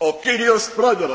o Kyrios pragarą.